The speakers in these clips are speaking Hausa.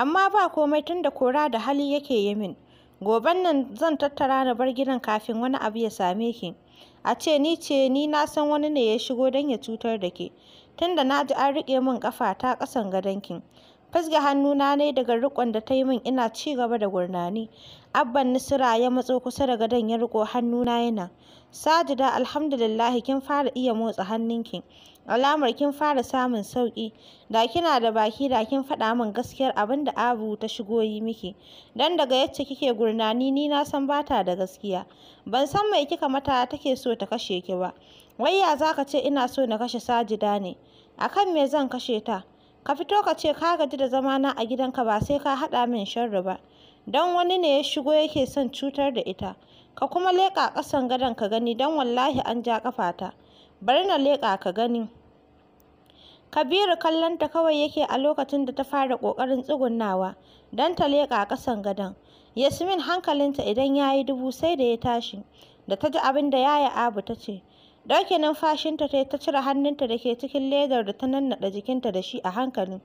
Amma ba komai tunda kora da hali yake yi min. Goben nan zan tattara na bar gidan kafin wani abu ya same ki. A ce ni ce ni na san wani ne ya shigo don ya cutar da ke. Tunda na ji an riƙe min ƙafa ta ƙasan gadonki. hannu hannuna ne daga riƙon da ta yi min ina ci gaba da gurnani. Abban Nisira ya matso kusa da gadon ya riƙo hannuna yana. Sajida alhamdulillahi kin fara iya motsa hannun hannunki. alamar kin fara samun sauki da kina da baki da kin faɗa min gaskiyar abin da abu ta shigo yi miki don daga yacce kike gurnani ni na san bata da gaskiya ban san mai kika mata take so ta kashe ki ba wai ya za ka ce ina so na kashe sajida ne akan me zan kashe ta ka fito ka ce ka gaji da zamana a gidanka ba sai ka haɗa min sharri ba don wani ne ya shigo yake son cutar da ita ka kuma leƙa ƙasan gadon ka gani don wallahi an ja ƙafata bari na leƙa ka gani Kabiru kallonta kawai yake a lokacin da ta fara ƙoƙarin tsugunnawa don ta leƙa ƙasan gadon. Yasmin hankalinta idan ya yi dubu sai da ya tashi da ta ji abin da Yaya Abu ta ce. Ɗauke numfashinta ta ta cire hannunta da ke cikin ledar da ta nannaɗa jikinta da shi a hankali.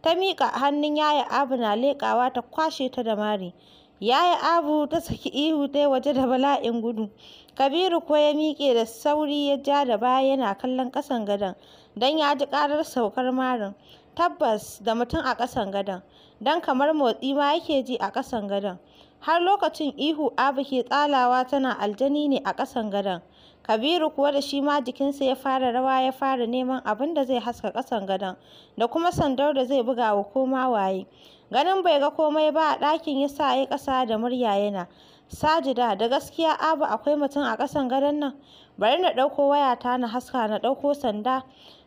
Ta miƙa hannun Yaya Abu na leƙawa ta kwashe ta da mari. Yaya Abu ta saki ihu ta waje da bala'in gudu. Kabiru kuwa ya miƙe da sauri ya ja da baya yana kallon ƙasan gadon. don ya ji karar saukar marin. Tabbas da mutum a ƙasan gadon, don kamar motsi ma yake ji a ƙasan gadon. Har lokacin ihu Abu ke tsalawa tana aljani ne a ƙasan gadon. Kabiru kuwa da shi ma jikinsa ya fara rawa ya fara neman abin da zai haska ƙasan gadon da kuma sandar da zai buga wa koma waye. Ganin bai ga komai ba a ɗakin ya sa ya ƙasa da murya yana. Sajida da gaskiya Abu akwai mutum a ƙasan gadon nan. Bari na ɗauko wayata na haska na ɗauko sanda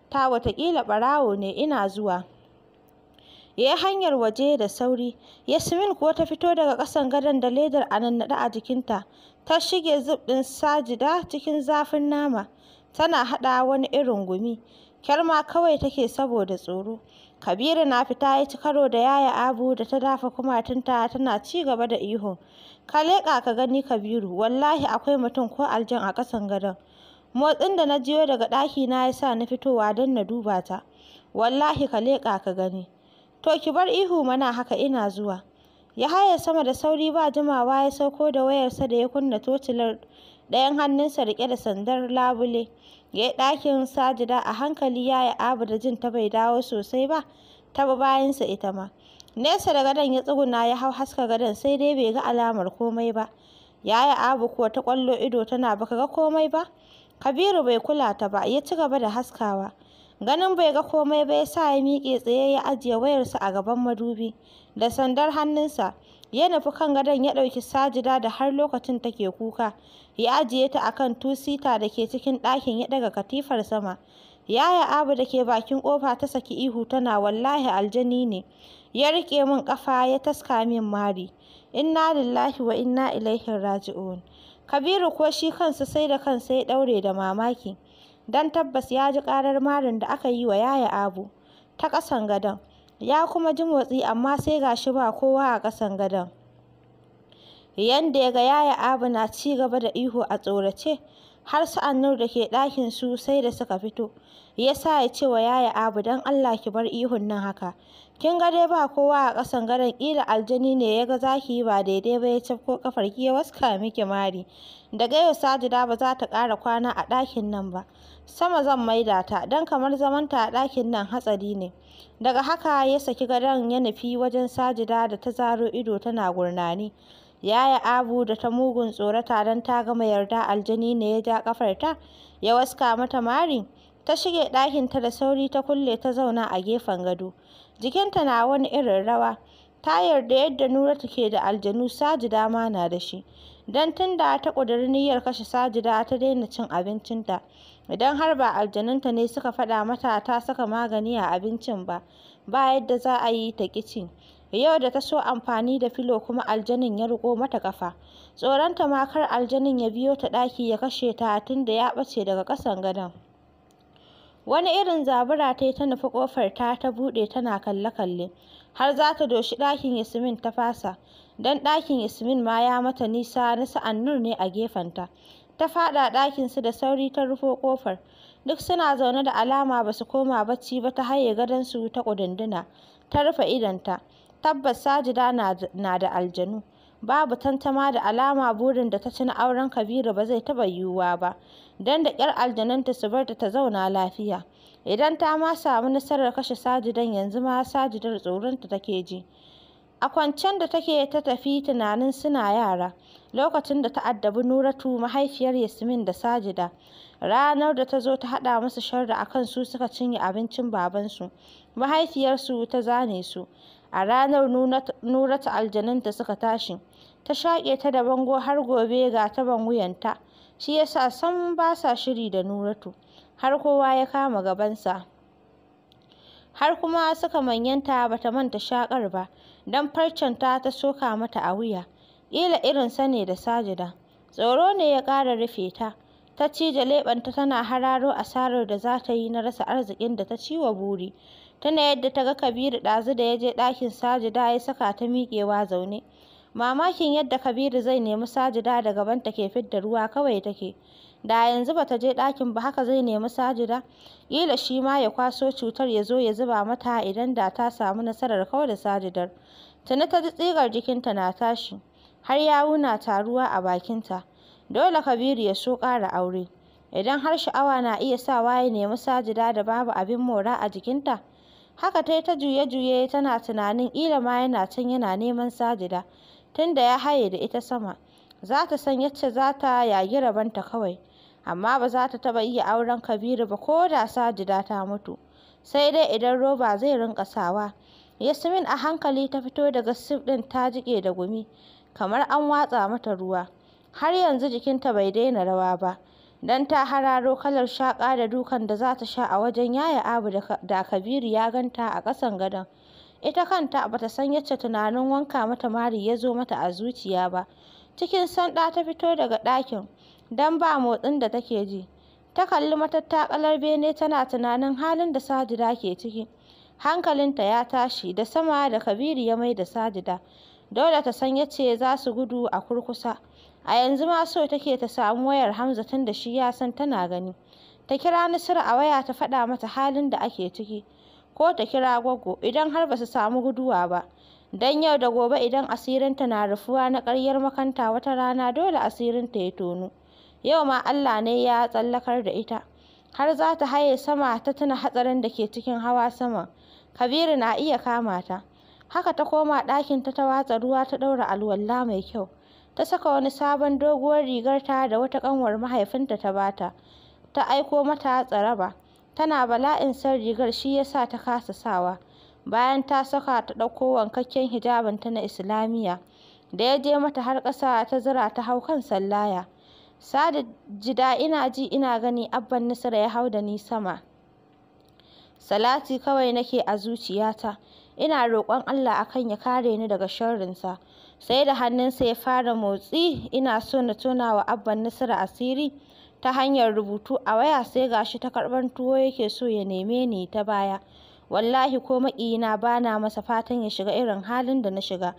ta watakila ɓarawo ne ina zuwa ya hanyar waje da sauri yasmin kuwa ta fito daga ƙasan gadon da ledar a nannaɗe a jikinta ta shige zub ɗin sajida cikin zafin nama tana haɗa wani irin gumi kyarma kawai take saboda tsoro kabiru na fita ya ci karo da yaya abu da ta dafa kumatunta tana ci gaba da ihu ka leƙa ka gani kabiru wallahi akwai mutum ko aljan a ƙasan gadon Motsin da na jiyo daga ɗaki na ya sa na fitowa don na duba ta. Wallahi ka leƙa ka gani. To ki bar ihu mana haka ina zuwa. Yahaya sama da sauri ba jimawa ya sauko da wayarsa da ya kunna tocilar ɗayan hannunsa riƙe da sandar labule. Ya ɗakin sajida a hankali ya yi abu da jin ta bai dawo sosai ba, ta bi bayansa ita ma. Nesa da gadon ya tsuguna ya hau haska gadon sai dai bai ga alamar komai ba. Ya yi Abu kuwa ta ƙwallo ido tana baka ga komai ba. Kabiru bai kula ta ba, ya ci gaba da haskawa. Ganin bai ga komai ba ya sa ya miƙe tsaye ya ajiye wayarsa a gaban madubi. Da sandar hannunsa, ya nufi kan gadon ya ɗauki sajida da har lokacin take kuka. Ya ajiye ta a kan tusita da ke cikin ɗakin ya ɗaga katifar sama. Yaya Abu da ke bakin ƙofa ta saki ihu tana wallahi aljani ne. Ya riƙe min ƙafa ya taska min mari. Inna lillahi wa inna ilaihi raji'un. Kabiru kuwa shi kansa sai da kansa ya ɗaure da mamaki, don tabbas ya ji ƙarar marin da aka yi wa Yaya Abu ta ƙasan gadon, ya kuma ji motsi amma sai ga shi ba kowa a ƙasan gadon. Yanda ya ga Yaya Abu na ci gaba da ihu a tsorace, har su annu da ke ɗakin su sai da suka fito. Ya sa ya ce wa yaya Abu don Allah ki bar ihun nan haka kin ga dai ba kowa a ƙasan gadon ƙila aljani ne ya ga za ki yi ba daidai ba ya cafko kafar ki ya waska miki mari daga yau Sajida ba za ta ƙara kwana a ɗakin nan ba sama zan maida ta don kamar zamanta a ɗakin nan hatsari ne daga haka ya saki gadon ya nufi wajen Sajida da ta zaro ido tana gurnani yaya abu da ta mugun tsorata don ta gama yarda aljani ne ya ja kafarta ya waska mata mari ta shige ɗakinta da sauri ta kulle ta zauna a gefen gado jikinta na wani irin rawa ta yarda yadda Nuratu ke da aljanu Sajida ma na da shi don tunda ta ƙudiri niyyar kashe Sajida ta daina cin abincinta idan har ba aljanunta ne suka faɗa mata ta saka magani a abincin ba ba yadda za a yi ta kicin yau da ta so amfani da filo kuma aljanin ya riƙo mata ƙafa tsoronta ma kar aljanin ya biyo ta ɗaki ya kashe ta tun da ya ɓace daga ƙasan gadon Wani irin zabura ta yi ta nufi ƙofar ta ta buɗe tana kalle-kalle, har za ta doshi ɗakin Yasmin ta fasa, don ɗakin Yasmin ma ya mata nisa na sa'annur ne a gefenta. Ta faɗa su da sauri ta rufo ƙofar. Duk suna zaune da alama ba su koma bacci ba ta haye su ta ƙudunduna, ta rufe idonta. Tabbas Sajida na da aljanu. Babu tantama da alama burin da ta ci na auren Kabiru ba zai taɓa yiwuwa ba, don da ƙyar aljananta su bar ta zauna lafiya. Idan ta ma samu nasarar kashe Sajidan yanzu ma Sajidar tsoronta take ji. A kwancen da take ta tafi tunanin suna yara, lokacin da ta addabi Nuratu mahaifiyar Yasmin da Sajida, ranar da ta zo ta haɗa musu sharda a kan su suka cinye abincin babansu, mahaifiyarsu ta zane su. A ranar Nuratu aljananta suka tashi, ta shaƙe ta da bango har gobe ga taban wuyanta shi yasa sam ba sa shiri da Nuratu har kowa ya kama gabansa har kuma suka manyanta ba ta manta shaƙar ba don farcanta ta soka mata a wuya ƙila irin sane da sajida tsoro ne ya ƙara rufe ta ta cije leɓenta tana hararo asarar da za ta yi na rasa arzikin da ta ci wa buri tana yadda ta ga kabiru ɗazu da ya je ɗakin sajida ya saka ta miƙewa zaune mamakin yadda Kabiru zai nemi sajida da gabanta ke fidda ruwa kawai take da yanzu bata je ɗakin ba haka zai nemi sajida ƙila shi ma ya kwaso cutar ya zo ya zuba mata idan da ta samu nasarar kawai da sajidar tuni ta ji tsigar jikinta na tashi har yawuna na taruwa a bakinta dole Kabiru ya so ƙara aure idan har sha'awa na iya sawa ya nemi sajida da babu abin mora a jikinta haka ta yi ta juye-juye tana tunanin ƙila ma yana can yana neman sajida tunda ya haye da ita sama. Za ta san yacce za ta yagi rabonta kawai, amma ba za ta taɓa iya auren Kabiru ba ko da Sajida ta mutu, sai dai idan roba zai rinƙa sawa. Yasmin a hankali ta fito daga sif ɗin ta jike da gumi, kamar an watsa mata ruwa. Har yanzu jikinta bai daina rawa ba, Dan ta hararo kalar shaƙa da dukan da za ta sha a wajen Yaya Abu da Kabiru ya ganta a ƙasan gadon. ita kanta bata san yace tunanin wanka mata mari ya zo mata a zuciya ba cikin sanda ta fito daga ɗakin don ba motsin da take ji ta kalli matattakalar bene tana tunanin halin da sajida ke ciki hankalinta ya tashi da sama da kabiru ya mai da sajida dole ta san yace za su gudu a kurkusa a yanzu ma so take ta samu wayar hamza tun da shi ya san tana gani ta kira nasira a waya ta faɗa mata halin da ake ciki ko ta kira Goggo idan har ba su samu guduwa ba. Don yau da gobe idan asirinta na rufuwa na karyar makanta wata rana dole asirinta ya tonu. Yau ma Allah ne ya tsallakar da ita. Har za ta haye sama ta tuna hatsarin da ke cikin hawa sama. Kabiru na iya kama ta. Haka ta koma ɗakin ta watsa ruwa ta ɗaura alwala mai kyau. Ta saka wani sabon doguwar rigar ta da wata ƙanwar mahaifinta ta bata. Ta aiko mata tsaraba. tana bala'in son rigar shi ya sa ta kasa sawa bayan ta saka ta ɗauko wankakken hijabinta na islamiyya da ya je mata har ƙasa ta zira ta hau kan sallaya sada jida ina ji ina gani abban nasara ya hau da ni sama salati kawai nake a zuciyata ina roƙon Allah akan ya kare ni daga sharrinsa sai da hannunsa ya fara motsi ina so na tona wa abban Nusra asiri ta hanyar rubutu a waya sai gashi shi ta karban tuwo yake so ya neme ni ta baya. Wallahi ko maƙiyina ba na masa fatan ya shiga irin halin da na shiga.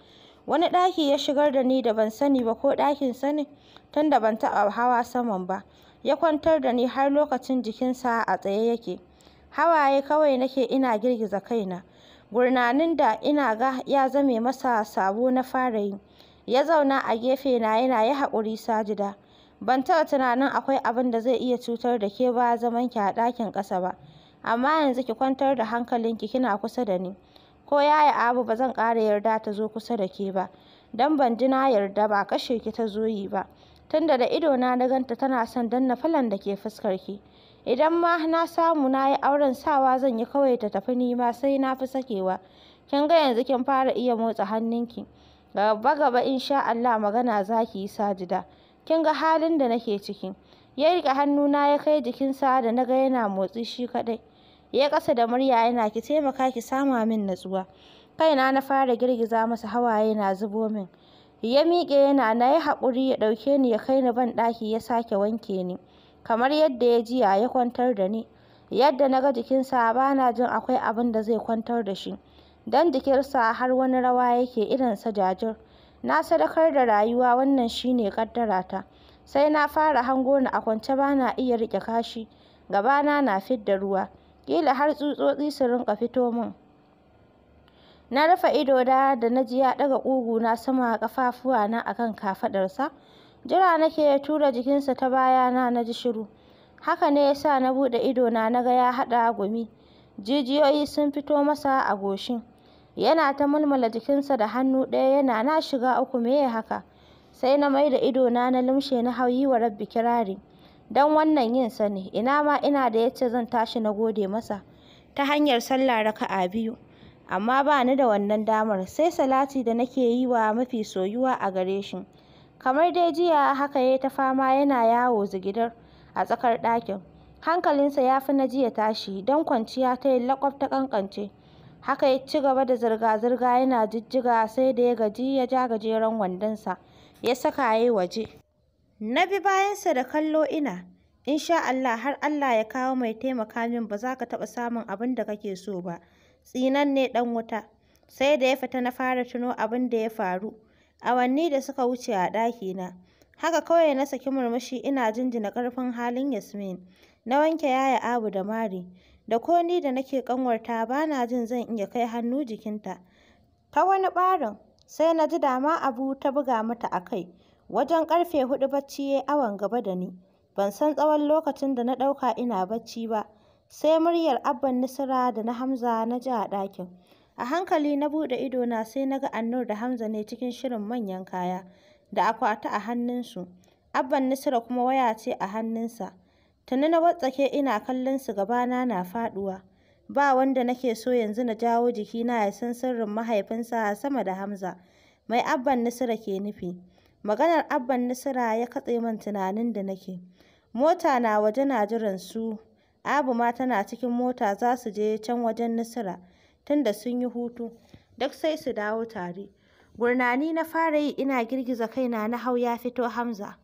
Wani ɗaki ya shigar da ni da ban sani ba ko ɗakin sani, tunda ban taɓa hawa saman ba. Ya kwantar da ni har lokacin jikinsa a tsaye yake. Hawaye kawai nake ina girgiza kaina. Gurnanin da ina ga ya zame masa sabo na fara yi. Ya zauna a gefe na yana yi hakuri Sajida. Ban taɓa tunanin akwai abin da zai iya cutar da ke ba zaman ki a ɗakin ƙasa ba, amma yanzu ki kwantar da hankalinki kina kusa da ni. Ko Yaya Abu ba zan ƙara yarda ta zo kusa da ke ba, don ban ji na yarda ba kashe ki ta zo yi ba, tunda da ido na na ganta tana son danna falon da ke fuskar ki. Idan ma na samu na yi auren sawa zan yi kawai ta tafi ni ma sai na fi sakewa. Kin ga yanzu kin fara iya motsa hannunki. Gaba gaba in sha Allah magana zaki yi Sajida. kin ga halin da nake ciki ya riƙe hannuna ya kai jikinsa da na ga yana motsi shi kaɗai ya ƙasa da murya yana ki taimaka ki sama min natsuwa kaina na fara girgiza masa hawaye na zubo min ya miƙe yana na yi haƙuri ya ɗauke ni ya kai ni ban ɗaki ya sake wanke ni kamar yadda ya jiya ya kwantar da ni yadda na ga jikinsa ba na jin akwai abin da zai kwantar da shi dan jikinsa har wani rawa yake irinsa jajir Na sadakar da rayuwa, wannan shine ne ƙaddarata. Sai na fara hango ni a kwance bana iya rike kashi, gabana na fidda ruwa, ƙila har tsutsotsi su rinka fito min. Na rufe ido da na ji ya ɗaga na sama ƙafafuwa na akan kafaɗarsa. Jira nake ya tura jikinsa ta baya na ji shiru. Haka ne yasa na buɗe idona na ga ya haɗa gumi. Jijiyoyi sun fito masa a goshin. yana ta mulmula jikinsa da hannu ɗaya yana na shiga uku ya haka sai na mai da ido na na lumshe na hau yi wa rabbi kirari don wannan yin sani ina ma ina da yace zan tashi na gode masa ta hanyar sallah raka'a biyu amma ba ni da wannan damar sai salati da nake yi wa mafi soyuwa a gare shi kamar dai jiya haka yayi ta fama yana yawo zigidar a tsakar ɗakin hankalinsa ya fi na jiya tashi don kwanciya ta yi laƙwabta ƙanƙance Haka ya ci gaba da zirga-zirga yana jijjiga sai da ya gaji ya ja gajeren wandonsa ya saka ya yi waje. Na bi bayansa da kallo ina, sha Allah har Allah ya kawo mai taimaka min ba za ka taɓa samun abin da kake so ba. Tsinan ne ɗan wuta. Sai da ya fita na fara tuno abin da ya faru. Awanni da suka wuce a ɗakina. Haka kawai na saki murmushi ina jinjina ƙarfin halin Yasmin. Na wanke yaya Abu da Mari. da ko ni da nake ƙanwarta ba na jin zan iya kai hannu jikinta. Ta wani ɓarin sai na ji dama abu ta buga mata a kai. Wajen ƙarfe huɗu bacci ya yi awon gaba da ni. Ban san tsawon lokacin da na ɗauka ina bacci ba. Sai muryar Abban Nisira da na Hamza na ji a ɗakin. A hankali na buɗe idona sai na ga Annur da Hamza ne cikin shirin manyan kaya da akwati a hannunsu. Abban Nisira kuma waya ce a hannunsa. Tuni na watsake ina kallon su gabana na faɗuwa. Ba wanda nake so yanzu na jawo jikina ya san sirrin mahaifinsa sama da Hamza. Mai Abban nisira ke nufi. Maganar Abban nisira ya katse min tunanin da nake. Mota na waje na jiran su. Abu ma tana cikin mota za su je can wajen nasira tunda sun yi hutu. Duk sai su dawo tare. Gurnani na fara yi ina girgiza kaina na hau ya fito Hamza.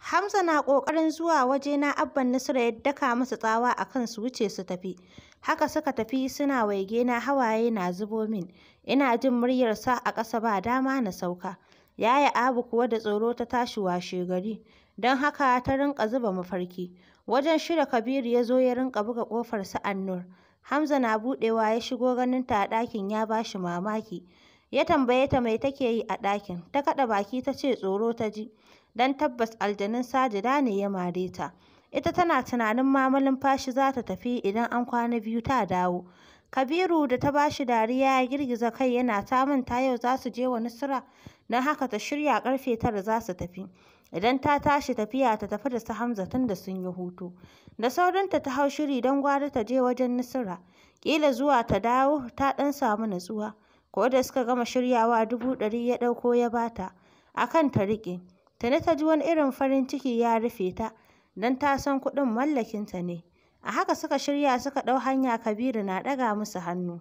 Hamza na ƙoƙarin zuwa waje na Abban Nasiru ya daka masa tsawa a kan su wuce su tafi. Haka suka tafi suna waige na hawaye na zubo min. Ina jin muryarsa a ƙasa ba dama na sauka. Yaya Abu kuwa da tsoro ta tashi washe gari. Don haka ta rinƙa zuba mafarki. Wajen shirya Kabiru ya zo ya rinƙa buga ƙofar sa Annur. Hamza na buɗewa ya shigo ganin ta a ɗakin ya ba shi mamaki. Ya tambaye ta mai take yi a ɗakin. Ta kaɗa baki ta ce tsoro ta ji. don tabbas aljanin Sajida ne ya mare ta. Ita tana tunanin mamalin fashi za ta tafi idan an kwana biyu ta dawo. Kabiru da ta bashi dariya ya girgiza kai yana ta manta yau za su je wa Nusra don haka ta shirya karfe tara za su tafi. Idan ta tashi tafiya ta tafi da su Hamza tun da sun yi hutu. Da saurinta ta hau shiri don gwada ta je wajen Nusra. Ƙila zuwa ta dawo ta ɗan samu natsuwa. Ko da suka gama shiryawa dubu ɗari ya ɗauko ya bata. A kan ta riƙe. Tani ta ji wani irin farin ciki ya rufe ta, don ta san kuɗin mallakinta ne. A haka suka shirya suka ɗau hanya Kabiru na ɗaga musu hannu.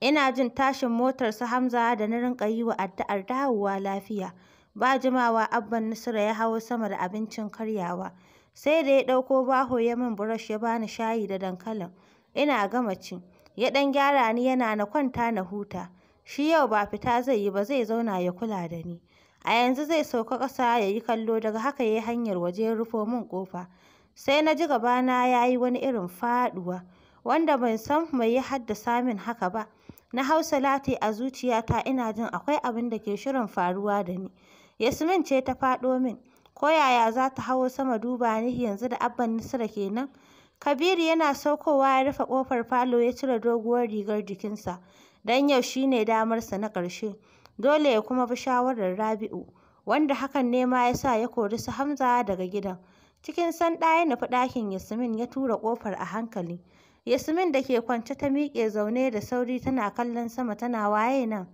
Ina jin tashin motar su Hamza da na rinƙa yi wa addu'ar dawowa lafiya. Ba jimawa Abban Nusra ya hawo sama da abincin karyawa. Sai da ya ɗauko baho ya min burush ya bani shayi da dankalin. Ina gama ci. Ya ɗan gyara ni yana na kwanta na huta. Shi yau ba fita zai yi ba zai zauna ya kula da ni. a yanzu zai sauka ƙasa ya yi kallo daga haka ya yi hanyar waje rufo min kofa. sai na ji gabana ya yi wani irin faɗuwa wanda ban san mai ya haddasa min haka ba na hau salati a zuciyata ina jin akwai abin da ke shirin faruwa da ni yasmin ce ta faɗo min ko yaya za ta hawo sama duba ni yanzu da abban Nusra kenan Kabiru yana saukowa ya rufe kofar falo ya cire doguwar rigar jikinsa don yau shine damarsa na ƙarshe dole ya kuma bi shawarar Rabi'u, wanda hakan ne ma ya sa ya kori su Hamza daga gidan. Cikin sanda ya nufi ɗakin Yasmin ya tura ƙofar a hankali. Yasmin da ke kwance ta miƙe zaune da sauri tana kallon sama tana waye nan.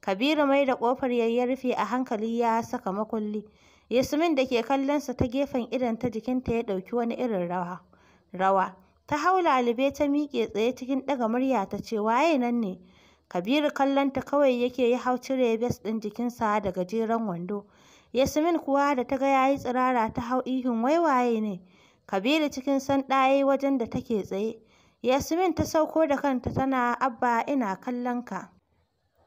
Kabiru mai da ƙofar ya rufe a hankali ya saka makulli. Yasmin da ke kallonsa ta gefen idon ta jikinta ya ɗauki wani irin rawa. rawa. Ta hau lalube ta miƙe tsaye cikin ɗaga murya ta ce waye nan ne? Kabiru kallonta kawai yake ya hau cire bes ɗin jikinsa da gajeren wando. Yasmin kuwa da ta ga yayi tsirara ta hau ihun waiwaye ne. Kabiru cikin san wajen da take tsaye. Yasmin ta sauko da kanta tana Abba ina kallon ka.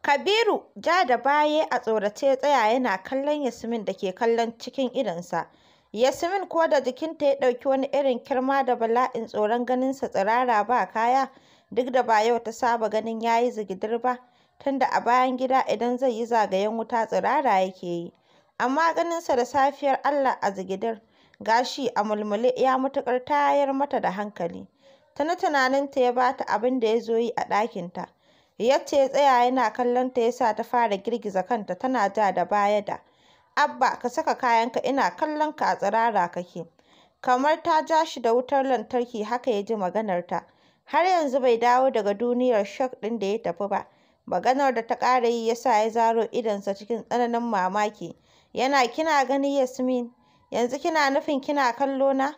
Kabiru ja da baye a tsorace ya tsaya yana kallon Yasmin da ke kallon cikin idonsa. Yasmin ko da jikinta ya ɗauki wani irin kirma da bala'in tsoron ganinsa tsirara ba kaya, duk da ba yau ta saba ganin ya yi zigidir ba tunda a bayan gida idan zai yi zagayen wuta tsirara yake yi amma ganinsa da safiyar Allah a zigidir gashi a mulmule ya matuƙar tayar mata da hankali tunanin tunaninta ya bata abin da ya zo yi a ɗakinta yace ya tsaya yana kallon ta yasa ta fara girgiza kanta tana ja da baya da abba ka saka kayanka ina kallon ka a tsirara kake kamar ta ja shi da wutar lantarki haka ya ji maganarta har yanzu bai dawo daga duniyar shock ɗin da ya tafi ba. Maganar da ta ƙara yi ya sa ya zaro idonsa cikin tsananin mamaki. Yana kina gani Yasmin, yanzu kina nufin kina kallo na?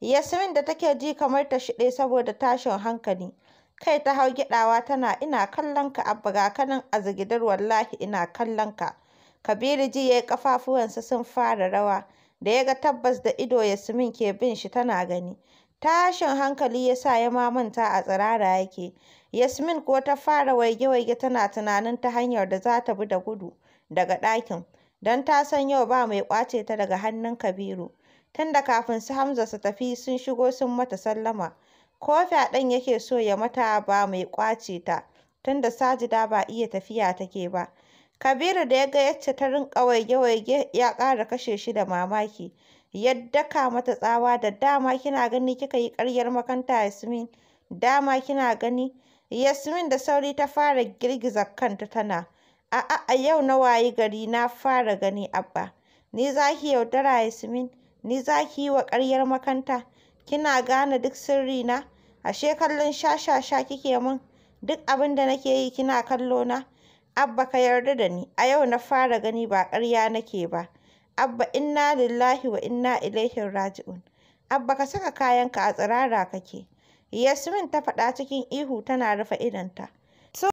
Yasmin da take ji kamar ta shiɗe saboda tashin hankali. Kai ta hau gyaɗawa tana ina kallon ka abba ga kanan a zigidar wallahi ina kallon ka. Kabiru ji yayi kafafuwansa sun fara rawa da ya ga tabbas da ido Yasmin ke bin shi tana gani. Tashin hankali ya sa ya ma manta a tsirara yake. Yasmin kuwa ta fara waige-waige tana tunanin ta hanyar da za ta bi da gudu daga ɗakin, don ta san yau ba mai ƙwace ta daga hannun Kabiru. Tun da kafin su Hamza su tafi sun shigo sun mata sallama. Kofi a ɗan yake so ya mata ba mai ƙwace ta, tunda Sajida ba iya tafiya take ba. Kabiru da ya ga yacce ta rinƙa waige-waige ya ƙara kashe shi da mamaki. ya daka mata tsawa da dama kina gani kika yi karyar makanta Yasmin dama kina gani Yasmin da sauri ta fara girgiza kanta tana a'a a yau na wayi gari na fara gani abba ni zaki yaudara Yasmin ni zaki yi wa ƙaryar makanta kina gane duk sirri na ashe kallon shashasha kike min duk abin da nake yi kina kallo na abba ka yarda da ni a yau na fara gani ba karya nake ba Abba inna lillahi wa inna ilaihi raji'un. Abba ka saka kayanka a tsirara kake. Yasmin ta faɗa cikin ihu tana rufe idonta.